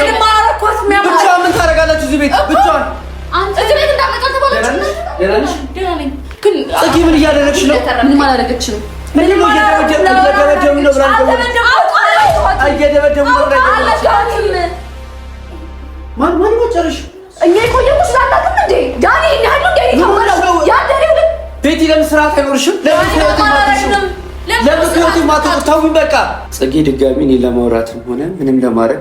ምንም አረኳት። ብቻዋን ምን ታደርጋላችሁ እዚህ ቤት? ብቻዋን እያደረግሽ ነው? ምንም አላደረገችም። ምንም ድጋሚ እኔ ለማውራትም ሆነ ምንም ለማድረግ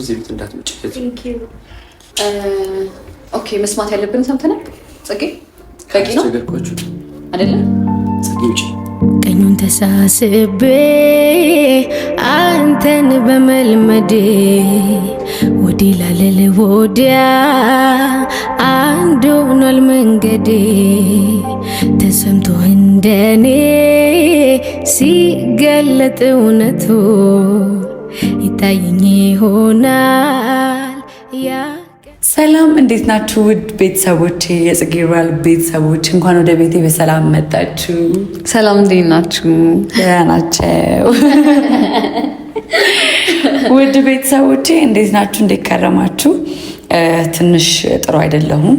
እዚህ ቤት እንዳትመጭ። ኦኬ፣ መስማት ያለብን ሰምተናል። ፅጌ በቂ ነው አይደለም? ፅጌ ውጭ ቀኙን ተሳስቤ አንተን በመልመዴ ወዲ ላለል ወዲያ አንድ ሆኗል መንገዴ ተሰምቶ እንደኔ ሲገለጥ እውነቱ ይታየኝ ይሆናል። ሰላም እንዴት ናችሁ? ውድ ቤተሰቦቼ፣ የጽጌ ባል ቤተሰቦች እንኳን ወደ ቤቴ በሰላም መጣችሁ። ሰላም እንዴት ናችሁ? ደህና ናቸው። ውድ ቤተሰቦቼ እንዴት ናችሁ? እንዴት ከረማችሁ? ትንሽ ጥሩ አይደለሁም።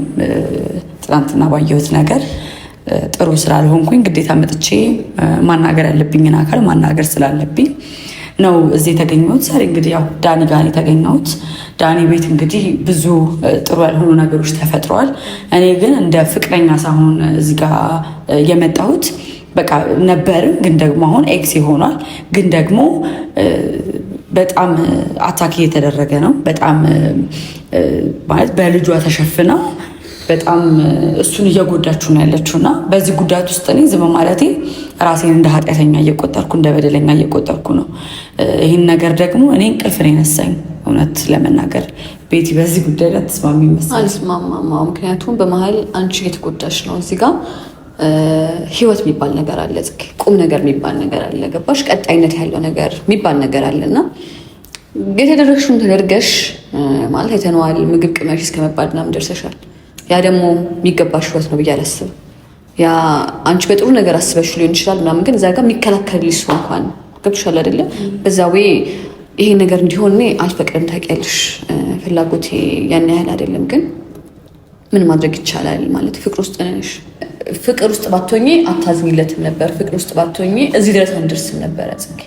ትናንትና ባየሁት ነገር ጥሩ ስላልሆንኩኝ ግዴታ መጥቼ ማናገር ያለብኝን አካል ማናገር ስላለብኝ ነው እዚህ የተገኘሁት። ዛሬ እንግዲህ ያው ዳኒ ጋር የተገኘሁት ዳኒ ቤት እንግዲህ ብዙ ጥሩ ያልሆኑ ነገሮች ተፈጥረዋል። እኔ ግን እንደ ፍቅረኛ ሳይሆን እዚህ ጋር የመጣሁት በቃ ነበርም፣ ግን ደግሞ አሁን ኤክስ ሆኗል። ግን ደግሞ በጣም አታክ እየተደረገ ነው። በጣም ማለት በልጇ ተሸፍነው በጣም እሱን እየጎዳችሁ ነው ያለችው እና በዚህ ጉዳት ውስጥ እኔ ዝም ማለቴ ራሴን እንደ ኃጢአተኛ እየቆጠርኩ እንደ በደለኛ እየቆጠርኩ ነው። ይህን ነገር ደግሞ እኔ እንቅልፍ ነው የነሳኝ። እውነት ለመናገር ቤቲ በዚህ ጉዳይ ላይ ተስማሚ ይመስል አልስማማማ። ምክንያቱም በመሀል አንቺ የተጎዳሽ ነው። እዚህ ጋር ህይወት የሚባል ነገር አለ፣ ቁም ነገር የሚባል ነገር አለ። ገባሽ? ቀጣይነት ያለው ነገር የሚባል ነገር አለ እና የተደረግሽውን ተደርገሽ ማለት አይተነዋል። ምግብ ቅመሽ እስከመባል ምናምን ደርሰሻል። ያ ደግሞ የሚገባሽ ህይወት ነው ብዬ አላስብም። ያ አንቺ በጥሩ ነገር አስበሽ ሊሆን ይችላል ምናምን፣ ግን እዛ ጋር የሚከላከልልሽ ሰው እንኳን ገብቶሻል አይደለ? በዛ ወይ ይሄ ነገር እንዲሆን እኔ አልፈቅድም። ታውቂያለሽ፣ ፍላጎቴ ያን ያህል አይደለም፣ ግን ምን ማድረግ ይቻላል ማለት ፍቅር ውስጥ ነሽ። ፍቅር ውስጥ ባትሆኚ አታዝኝለትም ነበር። ፍቅር ውስጥ ባትሆኚ እዚህ ድረስ አንደርስም ነበረ። ጽጌ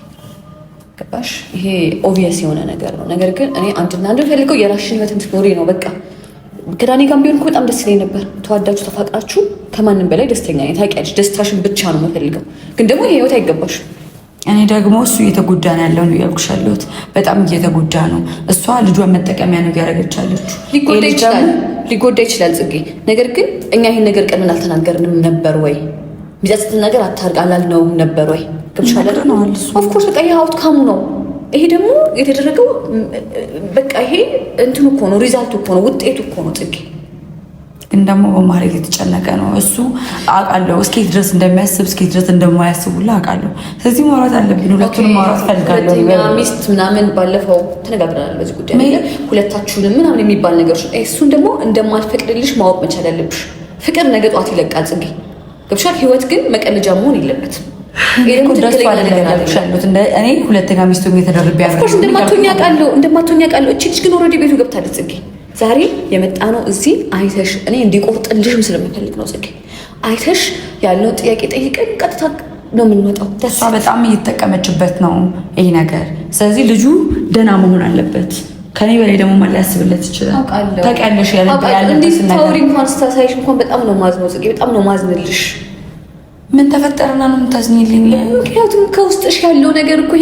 ገባሽ? ይሄ ኦቪየስ የሆነ ነገር ነው። ነገር ግን እኔ አንድና አንድ ፈልገው የራስሽን ህይወት እንድትኖሪ ነው በቃ ከዳኒ ጋር ቢሆን በጣም ደስ ይለኝ ነበር። ተዋዳችሁ ተፋቅራችሁ ከማንም በላይ ደስተኛ ነኝ። ታውቂያለሽ፣ ደስታሽን ብቻ ነው የምፈልገው። ግን ደግሞ ይሄ ህይወት አይገባሽም። እኔ ደግሞ እሱ እየተጎዳ ነው ያለው ነው እያልኩሽ ያለሁት። በጣም እየተጎዳ ነው። እሷ ልጇን መጠቀሚያ ነው እያደረገች ያለችው። ሊጎዳ ይችላል ጽጌ። ነገር ግን እኛ ይህን ነገር ቀድመን አልተናገርንም ነበር ወይ? የሚጸጽትን ነገር አታርግ አላልነውም ነበር ወይ? ግብሻለ ኦፍኮርስ በቃ ይህ ካሙ ነው ይሄ ደግሞ የተደረገው በቃ ይሄ እንትን እኮ ነው፣ ሪዛልቱ እኮ ነው፣ ውጤቱ እኮ ነው። ጽጌ ግን ደግሞ በማድረግ የተጨነቀ ነው እሱ አውቃለሁ። እስኪ ድረስ እንደሚያስብ እስኪ ድረስ እንደማያስቡላ ሁላ አውቃለሁ። ስለዚህ ማውራት አለብን፣ ሁለቱን ማውራት ፈልጋለሁ። ሚስት ምናምን ባለፈው ተነጋግረናል በዚህ ጉዳይ ሁለታችሁንም ምናምን የሚባል ነገር እሱን ደግሞ እንደማልፈቅድልሽ ማወቅ መቻል አለብሽ። ፍቅር ነገ ጠዋት ይለቃል ጽጌ ገብሻል። ህይወት ግን መቀለጃ መሆን የለበትም። እኔ ሁለተኛ ሚስቱ የተደርብ እንደማትሆኝ እቺ ልጅ ግን ኦልሬዲ ቤቱ ገብታለች። ጽጌ ዛሬ የመጣ ነው እዚህ አይተሽ፣ እኔ እንዲቆርጥልሽም ስለምፈልግ ነው ጽጌ አይተሽ ያለውን ጥያቄ ጠይቀን ቀጥታ ነው የምንወጣው። ደስ በጣም እየተጠቀመችበት ነው ይህ ነገር። ስለዚህ ልጁ ደህና መሆን አለበት። ከኔ በላይ ደግሞ ማን ሊያስብለት ይችላል? ታውቂያለሽ ያለ ያለ እንኳን ስታሳይሽ እንኳን በጣም ነው ማዝነው ጽጌ፣ በጣም ነው ማዝንልሽ ምን ተፈጠረና ነው የምታዝኝልኝ? ምክንያቱም ከውስጥሽ ያለው ነገር እኮ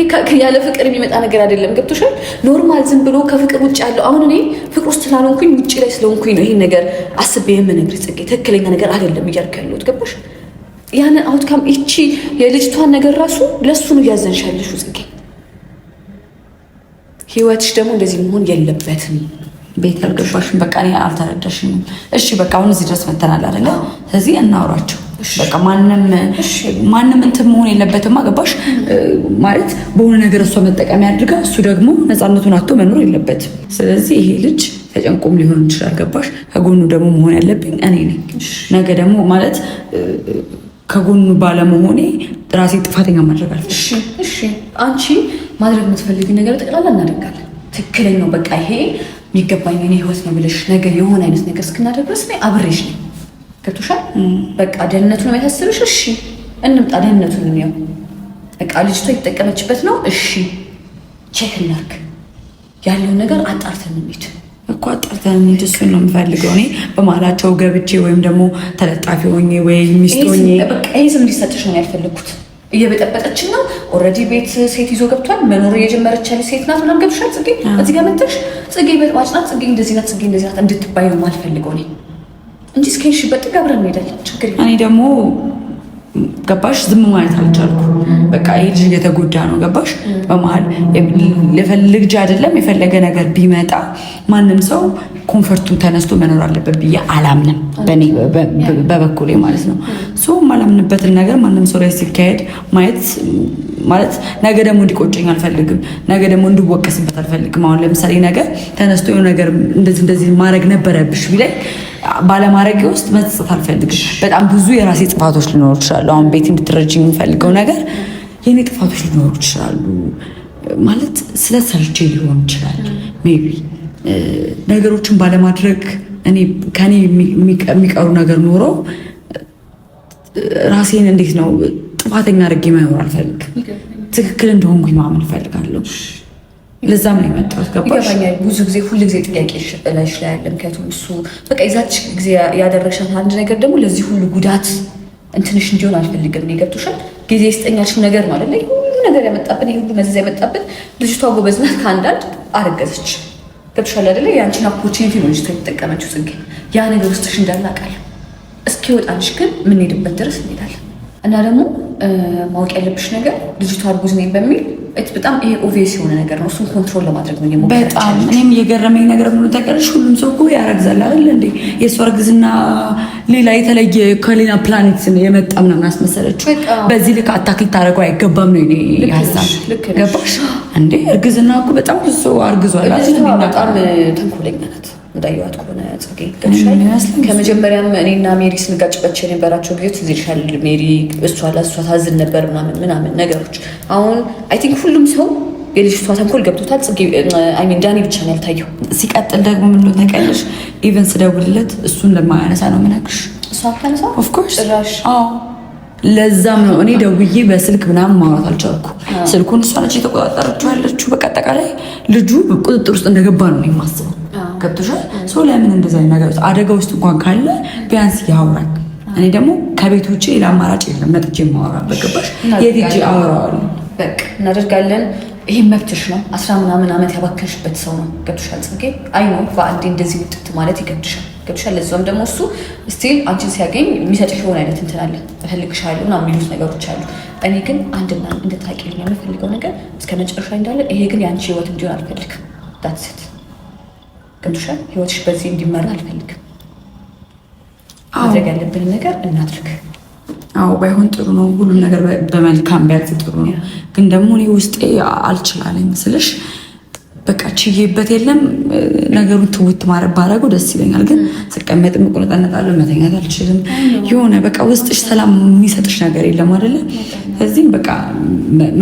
ያለ ፍቅር የሚመጣ ነገር አይደለም። ገብቶሻል? ኖርማል ዝም ብሎ ከፍቅር ውጭ ያለው አሁን እኔ ፍቅር ውስጥ ስላልሆንኩኝ ውጭ ላይ ስለሆንኩኝ ነው ይህን ነገር አስቤ የምነግርሽ ጽጌ፣ ትክክለኛ ነገር አይደለም እያልኩ ያለሁት ገባሽ? ያን አውትካም ይቺ የልጅቷን ነገር ራሱ ለሱ ነው እያዘንሻለሹ ጽጌ። ህይወትሽ ደግሞ እንደዚህ መሆን የለበትም። ቤት አልገባሽም። በቃ እኔ አልተረዳሽም። እሺ በቃ አሁን እዚህ ድረስ መተናል አይደለ? ስለዚህ እናውራቸው በቃ ማንም ማንም እንትን መሆን የለበትም። አገባሽ ማለት በሆነ ነገር እሷ መጠቀሚያ አድርጋ እሱ ደግሞ ነፃነቱን አቶ መኖር የለበትም። ስለዚህ ይሄ ልጅ ተጨንቆም ሊሆን ይችላል። ገባሽ ከጎኑ ደግሞ መሆን ያለብኝ እኔ ነኝ። ነገ ደግሞ ማለት ከጎኑ ባለመሆኔ ራሴ ጥፋተኛ ማድረግ አለ። አንቺ ማድረግ የምትፈልግ ነገር ጠቅላላ እናደርጋለን። ትክክለኛው በቃ ይሄ የሚገባኝ እኔ ህይወት ነው ብለሽ ነገ የሆነ አይነት ነገር እስክናደርግ ድረስ አብሬሽ ነው ገብቶሻል። በቃ ደህንነቱን የሚያሳስብሽ እሺ፣ እንምጣ። ደህንነቱን የሚያው በቃ ልጅቷ የተጠቀመችበት ነው። እሺ፣ ቼክ እናርግ፣ ያለውን ነገር አጣርተን እንሂድ እኮ አጣርተን እንሂድ። እሱን ነው የምፈልገው እኔ በማላቸው ገብቼ ወይም ደግሞ ተለጣፊ ሆኜ ወይ ሚስት ሆኜ በቃ ይህ ስም እንዲሰጥሽ ነው ያልፈለግኩት። እየበጠበጠች ነው። ኦልሬዲ ቤት ሴት ይዞ ገብቷል። መኖር እየጀመረች ያለ ሴት ናት ምናምን ገብሻል። ጽጌ እዚህ ጋር መጥተሽ ጽጌ በጥባጭ ናት፣ ጽጌ እንደዚህ ናት፣ ጽጌ እንደዚህ ናት ነው አልፈልገው እኔ እንጂ እስከ ሺ በጥግ አብረን እንሄዳለን። ችግር እኔ ደግሞ ገባሽ ዝም ማለት አልቻልኩ። በቃ ይሄ ልጅ እየተጎዳ ነው ገባሽ። በመሀል ልፈልግ ልጅ አይደለም የፈለገ ነገር ቢመጣ ማንም ሰው ኮንፈርቱን ተነስቶ መኖር አለበት ብዬ አላምንም፣ በእኔ በበኩሌ ማለት ነው። ሶ ማላምንበትን ነገር ማንም ሰው ላይ ሲካሄድ ማየት ማለት ነገ ደግሞ እንዲቆጨኝ አልፈልግም። ነገ ደግሞ እንዲወቀስበት አልፈልግም። አሁን ለምሳሌ ነገር ተነስቶ የሆነ ነገር እንደዚህ እንደዚህ ማድረግ ነበረብሽ ቢላይ ባለማድረግ ውስጥ መጸጸት አልፈልግም። በጣም ብዙ የራሴ ጥፋቶች ሊኖሩ ይችላሉ። አሁን ቤት እንድትረጅ የምፈልገው ነገር የእኔ ጥፋቶች ሊኖሩ ይችላሉ። ማለት ስለሰርቼ ሊሆን ይችላል ሜይ ቢ ነገሮችን ባለማድረግ እኔ ከኔ የሚቀሩ ነገር ኖሮ ራሴን እንዴት ነው ጥፋተኛ አድርጌ መኖር አልፈልግም። ትክክል እንደሆንኩኝ ማመን እፈልጋለሁ። ለዛም ነው የመጣሁት። ገባሽ? ብዙ ጊዜ ሁሉ ጊዜ ጥያቄ ላይሽ ላይ ያለ ምክንያቱም እሱ በቃ ይዛች ጊዜ ያደረግሻት አንድ ነገር ደግሞ ለዚህ ሁሉ ጉዳት እንትንሽ እንዲሆን አልፈልግም። እኔ ገብቶሻል። ጊዜ የስጠኛችው ነገር ማለት ላይ ሁሉ ነገር ያመጣብን፣ ሁሉ መዘዝ ያመጣብን ልጅቷ ጎበዝ ከአንዳንድ አረገዘች ገብሻል አይደለ? ያንቺን ኦፖርቹኒቲ ነው እንጂ የተጠቀመችው ጽጌ ያ ነገር ውስጥሽ እንዳላቃል አውቃለሁ። እስኪወጣልሽ ግን የምንሄድበት ድረስ እንሄዳለን። እና ደግሞ ማወቅ ያለብሽ ነገር ልጅቷ እርጉዝ ነኝ በሚል በጣም ይሄ ኦቪየስ የሆነ ነገር ነው። እሱን ኮንትሮል ለማድረግ ነው በጣም እኔም የገረመኝ ነገር ሆኖ ታውቂያለሽ። ሁሉም ሰው እኮ ያረግዛል አይደል እንዴ? የእሷ እርግዝና ሌላ የተለየ ከሌላ ፕላኔት የመጣ ምናምን አስመሰለችው። በዚህ ልክ አታክ ልታደርገው አይገባም ነው ኔ ሀሳብ። ገባሽ እንዴ? እርግዝና እኮ በጣም ብዙ ሰው አርግዟል። በጣም ተንኮለኛ ናት። እንዳየዋት ከሆነ ጽጌ ከመጀመሪያም እኔና ሜሪ ስንጋጭባቸው የነበራቸው ጊዜ ትዝ ይልሻል። ሜሪ እሷ ለእሷ ታዝን ነበር ምናምን ምናምን ነገሮች። አሁን አይ ቲንክ ሁሉም ሰው የልጅቷ ተንኮል ገብቶታል። ጽጌ አይ ሚን ዳኒ ብቻ ነው ያልታየው። ሲቀጥል ደግሞ ምን ተቀልሽ ኢቨን ስደውልለት እሱን ለማያነሳ ነው ምናክሽ እሷ ታነሳ ኦፍኮርስ ለዛም ነው እኔ ደውዬ በስልክ ምናምን ማውራት አልቻልኩ። ስልኩን እሷ ነች የተቆጣጠረችው ያለችው። በቃ አጠቃላይ ልጁ ቁጥጥር ውስጥ እንደገባ ነው የማስበው። ገብቶሻል። ሰው ለምን እንደዛ ነገር አደጋ ውስጥ እንኳን ካለ ቢያንስ ያውራል። እኔ ደግሞ ከቤት ውጭ ሌላ አማራጭ የለም። መጥቼ የማወራ በገባሽ የትጅ አወራዋለሁ። በቃ እናደርጋለን። ይሄ መብትሽ ነው። አስራ ምናምን ዓመት ያባከንሽበት ሰው ነው። ገብቶሻል ጽጌ። አይ ነው በአንዴ እንደዚህ ውጥት ማለት ይገብድሻል። ገብሻል ለዛም ደግሞ እሱ ስቲል አንቺን ሲያገኝ የሚሰጥሽ የሆነ አይነት እንትን አለ። እፈልግሻለሁ ምናምን የሚሉት ነገሮች አሉ። እኔ ግን አንድና እንድታቂልኝ የምፈልገው ነገር እስከ መጨረሻ እንዳለን፣ ይሄ ግን የአንቺ ህይወት እንዲሆን አልፈልግም። ዳትስት ገብቶሻል። ህይወትሽ በዚህ እንዲመራ አልፈልግም። ማድረግ ያለብን ነገር እናድርግ። አዎ ባይሆን ጥሩ ነው። ሁሉም ነገር በመልካም ቢያዝ ጥሩ ነው። ግን ደግሞ እኔ ውስጤ አልችላለኝ ስልሽ በቃ ችዬበት የለም ነገሩን ትውት ማረ ባደረገው ደስ ይለኛል። ግን ስቀመጥ እቁነጠነጣለሁ፣ መተኛት አልችልም። የሆነ በቃ ውስጥሽ ሰላም የሚሰጥሽ ነገር የለም አይደለ? ስለዚህም በቃ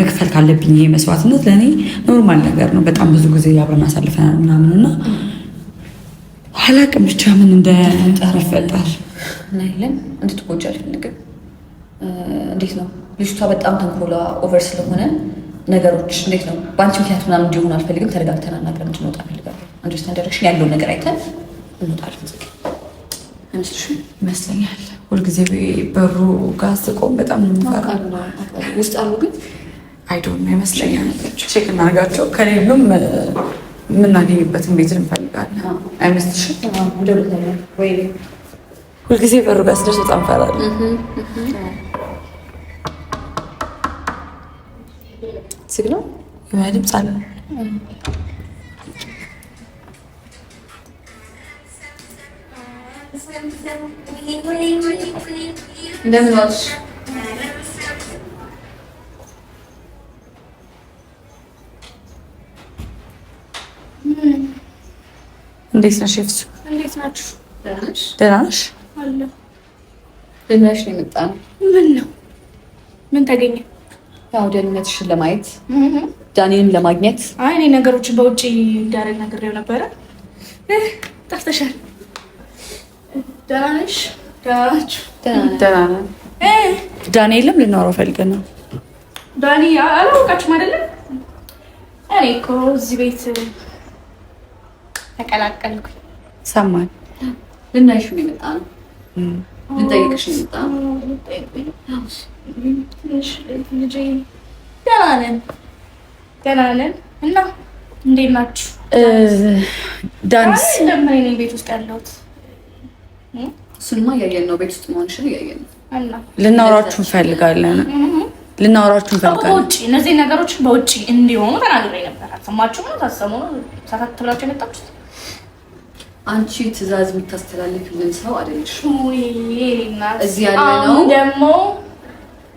መክፈል ካለብኝ ይሄ መስዋዕትነት ለእኔ ኖርማል ነገር ነው። በጣም ብዙ ጊዜ አብረን አሳልፈናል ምናምን እና አላቅም ብቻ ምን እንደጠረ ፈጣር ናይለን እንድትጎጂ አልፈልግም። እንዴት ነው ልጅቷ በጣም ተንኮላ ኦቨር ስለሆነ ነገሮች እንዴት ነው በአንቺ ምክንያት ምናምን እንዲሆኑ አልፈልግም። ተረጋግተን አናግረን እንድንወጣ እፈልጋለሁ። አንደርስታንድ ዳይሬክሽን ያለውን ነገር አይተን እንወጣ አልፈልግም ይመስለኛል። ሁልጊዜ በሩ ጋር ስቆም በጣም ውስጥ አሉ ግን አይዶ ይመስለኛል። ቼክ እናርጋቸው ከሌሉም የምናገኝበትን ቤት እንፈልጋለን። አይመስልሽም? ሁልጊዜ በሩ ጋር ስደርስ በጣም እፈራለሁ። ስግነው የሆነ ድምፅ አለ። እንደምን ዋልሽ? እንዴት ነሽ? ይፍሱ እንዴት ናችሁ? ደህና ነሽ? ደህና ነሽ ነው የመጣነው። ምን ነው ምን ተገኘ? ያው ደህንነትሽን ለማየት ዳኒንም ለማግኘት። አይ እኔ ነገሮችን በውጭ እንዳደረግ ነግሬው ነበረ። ጠፍተሻል። ደህና ነሽ? ደህና ናችሁ? ደህና ነን። ዳንኤልም ልናወራው ፈልገን ነው። ዳኒ አላወቃችሁም አይደለም? እኔ እኮ እዚህ ቤት ተቀላቀልኩኝ። ሰማን ልናይሽ ነው የመጣ ነው ልንጠይቅሽ የመጣ ነው። ደህና ነን ደህና ነን። እና እንዴት ናችሁ? ዳንስ ለምን ቤት ውስጥ ያለሁት እሱንማ እያየን ነው። ቤት ውስጥ መሆንሽን እያየን ነው። ልናወራችሁ እንፈልጋለን ልናወራችሁ እንፈልጋለን። በውጭ እነዚህ ነገሮች በውጭ እንዲሆኑ ተናግሬ ነበር። አልሰማችሁም ነው? ታሰሙ ሳታት ብላችሁ የመጣችሁት አንቺ ትዕዛዝ የምታስተላልፍልን ሰው አይደለሽ። እዚህ ያለ ነው ደግሞ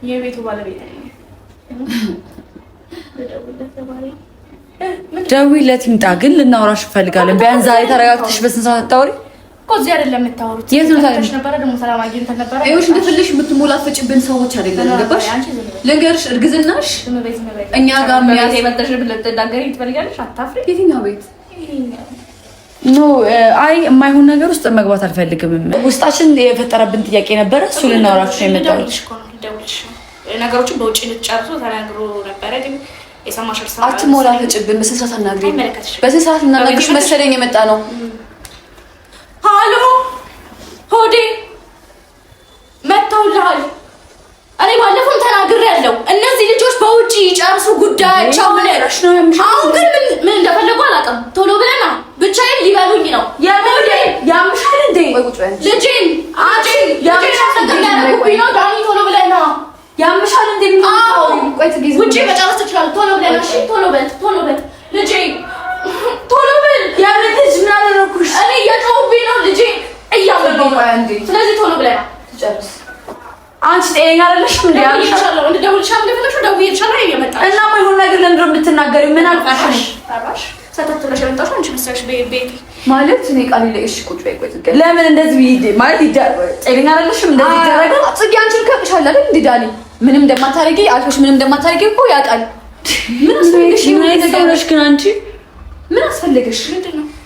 የቤቱ ባለቤት ደውይለት ይምጣ። ግን ልናውራሽ እንፈልጋለን። ቢያንስ ዛሬ ተረጋግተሽ በስንት ሰዓት ታውሪ እኮ እዚህ አይደለም የምታወሩት። የት ነው ታዲያ? ነበረ ደግሞ ሰላም አግኝተን ነበረ። ይኸውልሽ እንደፈለሽ የምትሞላፈጭብን ሰዎች አይደለም። ገባሽ? ልንገርሽ፣ እርግዝናሽ እኛ ጋር የሚያስ መጠሽ ብለሽ ልትናገሪ ትፈልጋለሽ። አታፍሪ። የትኛው ቤት ኖ አይ የማይሆን ነገር ውስጥ መግባት አልፈልግም። ውስጣችን የፈጠረብን ጥያቄ ነበረ። እሱ ልናወራችሁ ነው የመጣሁት። ነገሮችን በውጭ ልትጨርሱ ተናግሮ ነበረ ግን የሰማሽ አትሞላ ፍጭብን በስንት ሰዓት እናግሪ በስንት ሰዓት እናናግሪሽ መሰለኝ የመጣ ነው ይጨርሱ ጉዳያቸውን። አሁን ግን ምን እንደፈለጉ አላውቅም። ቶሎ ብለና ብቻዬን ሊበሉኝ ነው። ያምሻል እንዴ ልጄን ነው ዳኒ፣ ቶሎ ብለና እንዴ ቶሎ ብለና ቶሎ በል ቶሎ በል ልጄ ቶሎ በል ነው ስለዚህ ቶሎ ብለና ትጨርስ አንቺ ጤነኛ አይደለሽም እንዴ? ያልሻለው እንዴ? ደውልሻል እንዴ? ብለሽ ደውዬልሻለሁ። እና ምን ሆነ ነገር ለምንድን ነው የምትናገሪው? ምን አልቃሽ? ማለት እኔ ቃል ቁጭ በይ። ቆይ ጽጌ፣ ለምን እንደዚህ ማለት ጤነኛ አይደለሽም እንደዚህ ይደረጋል? ጽጌ፣ አንቺን አይደል ዳኒ፣ ምንም እንደማታረጊ አልኩሽ፣ ምንም እንደማታረጊ እኮ ያውቃል። ምን አስፈልገሽ? ምን አስፈልገሽ? ግን አንቺ ምን አስፈልገሽ?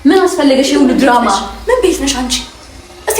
ምን አስፈልገሽ? ይሁን ድራማ ምን ቤት ነሽ አንቺ? እስቲ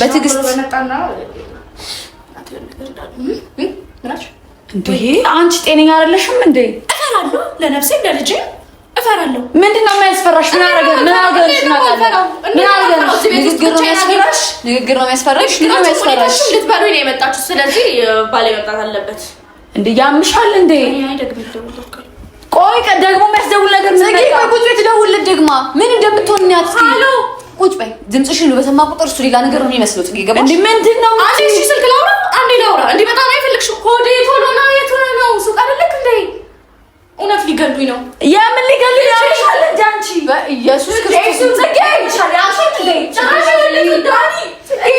በትዕግስት እንዴ አንቺ ጤነኛ አይደለሽም እንዴ? እፈራለሁ፣ ለነፍሴ ለልጄ እፈራለሁ። ምንድን ነው የሚያስፈራሽ? ምን አደረገ? ምን አደረገ? ንግግር ነው የሚያስፈራሽ? ምን የሚያስፈራሽ? ልትበሉ ነው የመጣችሁ። ስለዚህ ባሌ መምጣት አለበት። እንዴ ያምሻል እንዴ? ቆይ ደግሞ የሚያስደውል ነገር ምን ነው? ቁጭ ብለሽ ደግማ ምን እንደምትሆን ነው ቁጭ በይ። ድምፅሽን በሰማ ቁጥር እሱ ሌላ ነገር ነው የሚመስሉት። እንዲ ምንድን ነው አንዴ እሺ፣ ስልክ ላውራ አንዴ ላውራ። እንዲ በጣም አይፈልግሽም። ሆዴ ቶሎ ና። የት ሆነ ነው ሱቅ አይደለክ እንዴ? እውነት ሊገሉኝ ነው። የምን ሊገሉ ያልሻል እንጂ አንቺ በኢየሱስ ክርስቶስ ዘጌ ዘጋይሻል። ያልሻል እንዴ ጫሽ ልጅ ዳኒ ይሄ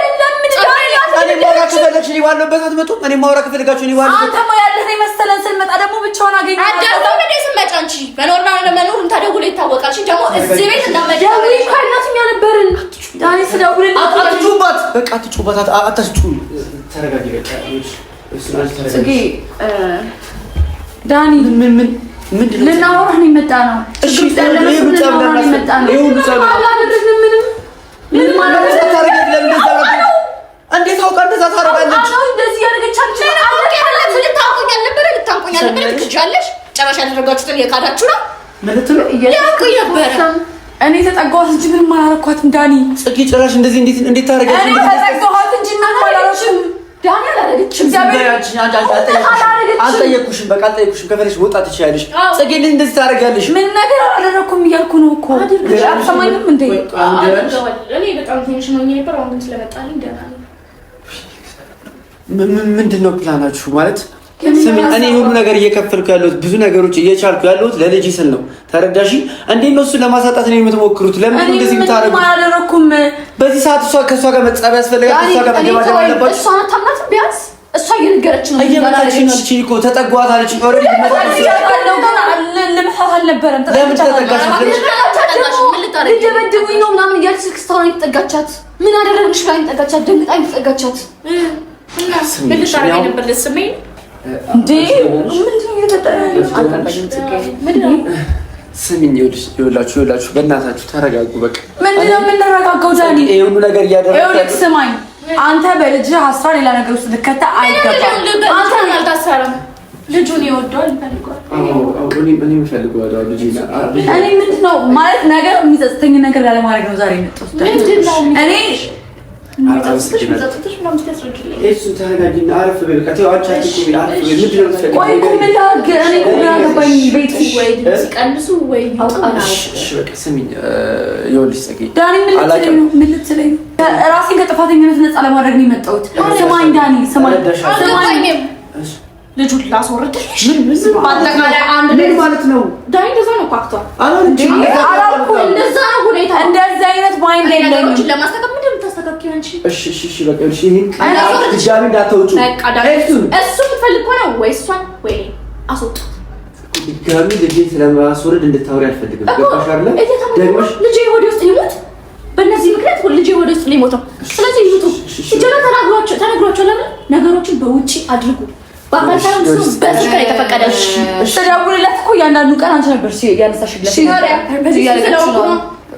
ማውራት ከፈለግሽ እኔ ባለሁበት አትመጡም። እኔ ማውራ ከፈለጋችሁ እኔ ባለሁበት አንተ ማ ያለህ ነው መሰለን። ስንመጣ ደግሞ ብቻውን አገኘህ አዳርቶ ለመኖር እዚህ ቤት ዳኒ በቃ ዳኒ ምን ምን ልናወራህ ነው የመጣ ነው። እሺ ልናወራህ ነው የመጣ ነው። ይሁን ምንም ማለት ነው። ለምን እንዴት አውቃ እንደዛ ታደርጋለች? እንደዚህ ጨረሻ ያደረጋችሁትን የካዳችሁ ነው። እኔ ተጠጋኋት እንጂ ምንም አላረኳትም። ዳኒ ጽጌ ጭራሽ እንደዚህ እንዴት እንዴት ታደርጋለች? እኔ ተጠጋኋት እንጂ እና አላረኩሽም። ዳኒ አላረግችም። አላረገችም። አልጠየኩሽም። በቃ አልጠየኩሽም። ከፈለሽ ወጣት ትችያለሽ። ጽጌ ልጅ እንደዚህ ታደርጋለሽ? ምን ነገር አላረኩም እያልኩ ነው እኮ። አልሰማኝም እንዴ? እኔ በጣም ትንሽ ነው ነበር። አሁን ስለመጣልኝ ደህና ነው ምንድን ነው ፕላናችሁ? ማለት እኔ ሁሉ ነገር እየከፈልኩ ያለሁት ብዙ ነገሮች እየቻልኩ ያለሁት ለልጅ ስል ነው። ተረዳሽ? እንዴት ነው እሱ ለማሳጣት ነው የምትሞክሩት? ለምን እንደዚህ ምታረጉ? በዚህ ሰዓት እሷ ከእሷ ጋር መጻብ ያስፈልጋል። እሷ ጋር መደባደብ አለባችሁ። እሷ ታምናት ቢያንስ እሷ እየነገረች ነው። እየመጣችን አለችኝ እኮ ተጠጓት አለችኝ። ኦልሬዲ አልነበረም። ለምን ተጠጋሽ? ሊደበድቡኝ ነው ምናምን እያለች ስልክ ስታወራ ነው የተጠጋቻት። ምን አደረግሽ? ላይ ተጠጋቻት፣ ደንግጣ ተጠጋቻት። ስሚኝ ይኸውላችሁ ይኸውላችሁ በእናታችሁ ተረጋጉ። በቃ ምንድን ነው የምንረጋጋው? ዛሬ ይሄ ነገር እያደረገ ስማኝ፣ አንተ በልጅ አስራ ሌላ ነገር ውስጥ ልከታ አይገባም። እኔ ምንድን ነው ማለት ነገር የሚጸጽተኝ ነገር ላለማድረግ ነው ዛሬ የመጣሁት እኔ ራሴን ከጥፋተኝነት ነፃ ለማድረግ ነው የመጣሁት። ስማኝ ዳኒ፣ ልጁን ላስወርድልሽ። በአጠቃላይ አንድ ምን ማለት ነው? ዳኒ እንደዛ ነው ፓክቷል። እንደዛ አይነት ማይንድ የለኝም አንቺ እሺ፣ እሺ፣ እሺ፣ በቃ እሺ። ይሄን ድጋሚ እንዳታወጪው እሱ የምትፈልግ ከሆነ ወይ እሷን ወይ አስወጣት። ድጋሚ ልጄ ስለማስወረድ እንድታወሪ አልፈልግም። ገባሽ ደግሞሽ ልጄ ወደ ውስጥ ሊሞት በእነዚህ ምክንያት ልጄ ወደ ውስጥ ሊሞተው። ስለዚህ ይሙቱ ይጀራ ተናግሯቸው ተናግሯቸው። ለምን ነገሮችን በውጪ አድርጉ በአካልታም እሱ የተፈቀደ ተደውልላት እኮ እያንዳንዱ ቀን አንቺ ነበር ሲያነሳሽለት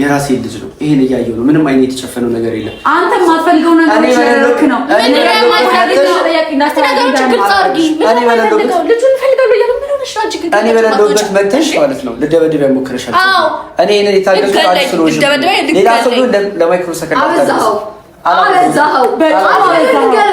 የራሴ ልጅ ነው። ይሄን እያየሁ ነው። ምንም አይነት የተጨፈነው ነገር የለም። አንተ የማትፈልገው ነገር ነው። እኔ በሌለሁበት መተሽ ማለት ነው ልደበድብ ያሞክረሻል። እኔ ይሄንን የታገልኩት ሌላ ሰው ግን ለማይክሮ ሰከንድ አበዛኸው፣ በጣም አበዛኸው።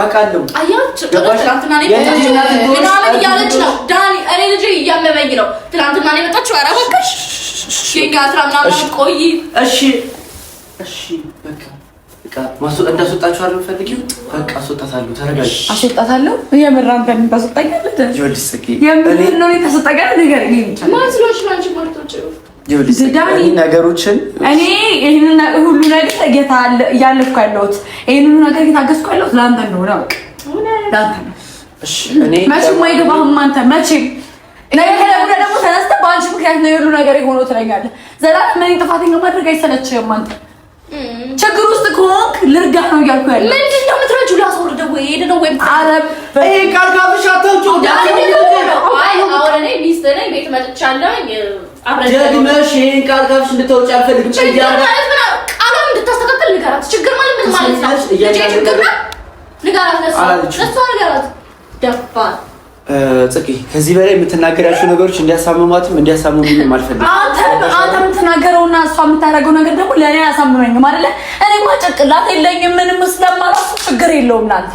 አውቃለሁ ምናምን እያለች ነው ዳኒ። እኔ ልጄ እያመመኝ ነው። ትናንትና ነው የመጣችው። ኧረ በቃሽ የእኛ አስራ ምናምን ቆይ እሺ፣ እሺ በቃ እንዳስወጣችሁ አይደል የምፈልጊው? በቃ አስወጣታለሁ። ተረጋጊ። አስወጣታለሁ። የምር አንተ የምታስወጣኝ ነው ነገሮችን እኔ ይህንን ሁሉ ነገር እያለፍኩ ያለሁት ይህን ሁሉ ነገር እየታገስኩ ያለሁት ለአንተ እንደሆነ በቃ መቼም አይገባህም አንተ መቼም ነገ ደግሞ ተነስተህ በአንቺ ምክንያት ነው የሁሉ ነገር የሆነው ትለኛለህ። ዘላለም እኔን ጥፋተኛ ማድረግ አይሰለችህም አንተ ችግር ውስጥ ከሆንክ ልርዳህ ነው እያልኩ ያለ ምንድን ነው የምትረጁ ላስወርደው ወይ ሄደ ነው ወይም አረብ ይሄ ቃል ጋብቻ ተውጭ አሁን እኔ ሚስት ነኝ ቤት መጥቻለሁ ደግመሽ ይህን ቃል ካብሽ እንድታወጪ አልፈልግም። ቃሉን እንድታስተካከል ንገራት። ችግር ማለት ምን ማለት ነው? ችግር ነው ንገራት። ለእሷ ንገራት። ደፋር ጽጌ ከዚህ በላይ የምትናገራቸው ነገሮች እንዲያሳምሟትም እንዲያሳምሙኝም አልፈልግም። አንተ የምትናገረውና እሷ የምታደርገው ነገር ደግሞ ለእኔ አያሳምመኝም አይደለ? እኔማ ጭንቅላት የለኝም ምንም ስለማራሱ ችግር የለውም ለአንተ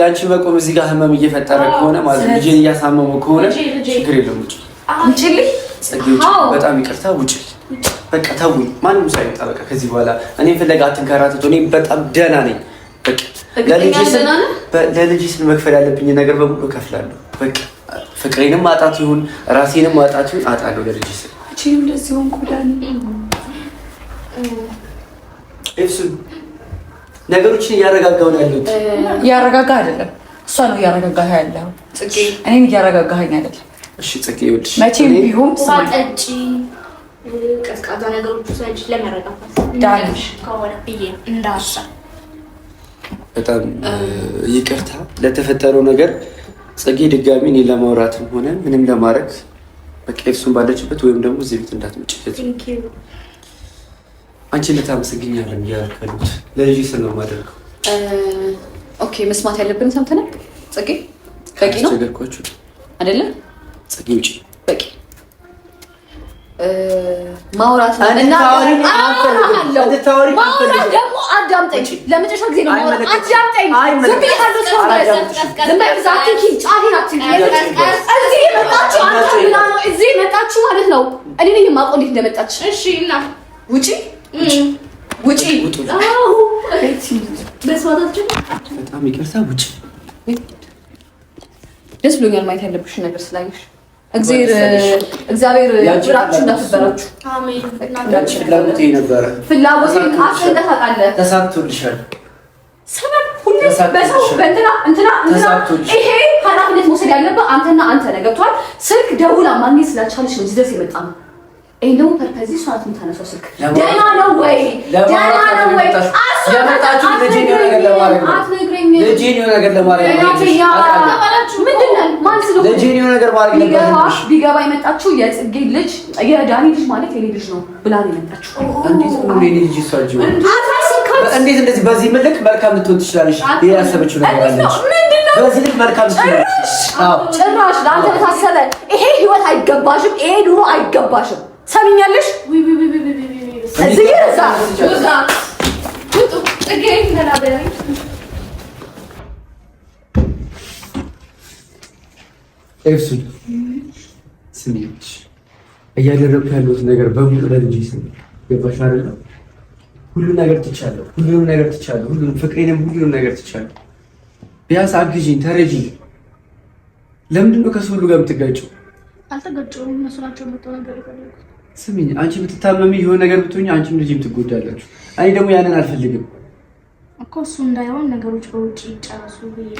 ያንቺ መቆም እዚህ ጋር ህመም እየፈጠረ ከሆነ ማለት ነው። ልጄን እያሳመሙ ከሆነ ችግር የለም። ውጭ በጣም ይቅርታ ውጭ በቃ ተውኝ። ማንም ሰው ሳይመጣ በቃ ከዚህ በኋላ እኔ ፍለጋ አትንከራተቱ። እኔ በጣም ደህና ነኝ። ለልጅ ስል መክፈል ያለብኝ ነገር በሙሉ እከፍላለሁ። በቃ ፍቅሬንም ማጣት ይሁን ራሴንም ማጣት ይሁን አጣለሁ ለልጅ ስል ነገሮችን እያረጋጋው ነው ያሉት። እያረጋጋ አይደለም፣ እሷ ነው እያረጋጋ ያለው። እኔም እያረጋጋኝ አይደለም። እሺ ጽጌ፣ ይኸውልሽ መቼም ቢሆን ጠጪ ቀዝቃዛ ነገሮች ሰጅ ለመረጋጋት ከሆነ ብዬ እንዳሳ በጣም ይቅርታ ለተፈጠረው ነገር ጽጌ ድጋሚ እኔ ለማውራትም ሆነ ምንም ለማድረግ በቃ እሱን ባለችበት ወይም ደግሞ እዚህ ቤት እንዳትመጭበት አንቺ እንድታመሰግኛለን እያልከሉት ለልጅ ስል ነው የማደርገው። ኦኬ መስማት ያለብን ሰምተናል። ፅጌ በቂ ነው ነገርኳችሁ አደለ? ፅጌ ውጭ በቂ ማውራት ደግሞ አዳምጠኝ። ለመጨረሻ ጊዜ ነው አዳምጠኝ። ዝም ሰው እዚህ መጣችሁ ማለት ነው። እኔ ነኝ የማውቀው እንዴት እንደመጣች። እሺ እና ውጪ ውጪ በጣም ይቅርታ ውጪ። ደስ ብሎኛል ማየት ያለብሽ ነገር ስላየሽ። እግዚአብሔር ብራችሁ እንዳትበራችሁ ፍላጎቴ ነበረ። ፍላጎቴ ካፍ እንደታቃለ ተሳክቶልሻል። ሰበብ ሁሉ ይሄ ኃላፊነት መውሰድ ያለበት አንተና አንተ ነው። ገብቶሃል። ስልክ ደውላ ማግኘት ስላልቻለች ነው እዚህ ድረስ የመጣ ነው። ይሄ ደግሞ ፐርፐዚ ሰዓቱን ተነሳው ስልክ ደህና ነው ወይ? ደህና ነው ወይ? የመጣችሁ ልጄን የሆነ ነገር ለማድረግ ነው። ልጄን የሆነ ነገር ለማድረግ ነው። ልጄን የሆነ ነገር ማድረግ ነበረብሽ። ቢገባ የመጣችሁ የጽጌ ልጅ የዳኒ ልጅ ማለት የኔ ልጅ ነው ብላ ነው የመጣችሁ። እንዴት ነው የኔ ልጅ ይሳጅ? እንዴት እንደዚህ በዚህ ምልክ መልካም ልትሆን ትችላለች። ሌላ ያሰበችው ነገር አለች። በዚህ ልክ መልካም ትችላለች። ጭራሽ ለአንተ በታሰበ ይሄ ህይወት አይገባሽም። ይሄ ኑሮ አይገባሽም። ታምኛለሽ? ኤፍሱ ስሚች እያደረግኩ ያለሁት ነገር በሙሉ ለልጄ ስም ገባሽ አይደለ? ሁሉም ነገር ትቻለሁ፣ ሁሉንም ነገር ትቻለሁ፣ ሁሉንም ፍቅሬንም፣ ሁሉንም ነገር ትቻለሁ። ቢያንስ አግዢኝ፣ ተረጂ። ለምንድን ነው ከሰው ሁሉ ጋር የምትጋጨው? አልተጋጨሁም። እነሱ ናቸው ነገር የፈለጉት ስሚኝ፣ አንቺ ብትታመሚ የሆነ ነገር ብትሆኝ አንቺም ልጅም ትጎዳላችሁ። እኔ ደግሞ ያንን አልፈልግም እኮ እሱ እንዳይሆን ነገሮች በውጭ ይጨረሱ ብዬ